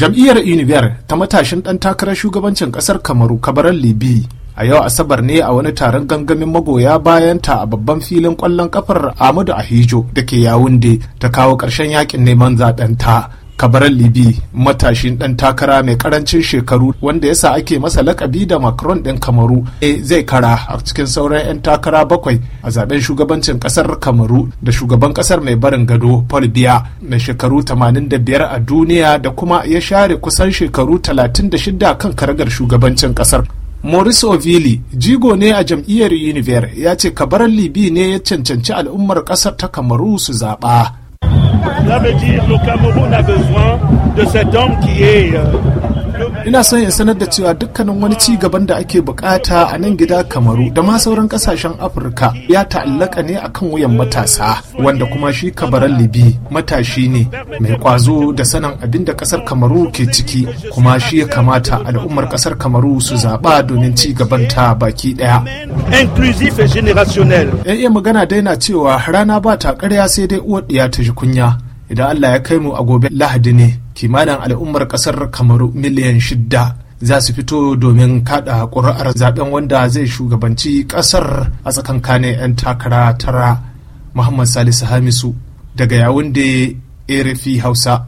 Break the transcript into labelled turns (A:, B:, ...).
A: jam'iyyar univer ta matashin ɗan takarar shugabancin ƙasar kamaru kabaran libi a yau asabar ne a wani taron gangamin magoya bayanta a babban filin ƙwallon ƙafar amadu ahijo da ke yawunde ta kawo ƙarshen yakin neman zaɓen ta kabaran libi matashin dan takara mai karancin shekaru wanda yasa ake masa lakabi da macron din kamaru e zai kara a cikin sauran 'yan takara bakwai a zaben shugabancin kasar kamaru da shugaban kasar mai barin gado paul biya mai shekaru 85 a duniya da kuma ya share kusan shekaru 36 kan karagar shugabancin kasar Maurice Ovili jigo ne a jam'iyyar Univer ya ce kabaran Libi ne ya cancanci al'ummar ƙasar ta Kamaru su zaɓa. Ça veut dire le Cameroun a besoin de cet homme qui est euh, ina son in sanar da cewa dukkanin wani ci gaban da ake bukata a nan gida kamaru da ma sauran kasashen afirka ya ta'allaka ne akan wuyan matasa wanda kuma shi kabaran libi matashi ne mai kwazo da sanan abin da kasar kamaru ke ciki kuma shi ya kamata al'ummar kasar kamaru su zaba domin ci gaban ta baki daya yan iya magana daina cewa rana ba ta karya sai dai uwar ɗiya ta ji kunya idan Allah ya kai mu a gobe lahadi ne kimanin al'ummar kasar kamaru miliyan shidda za su fito domin kada ƙuri'ar zaben wanda zai shugabanci kasar a tsakankanin 'yan takara tara muhammad salisu hamisu daga yawun da hausa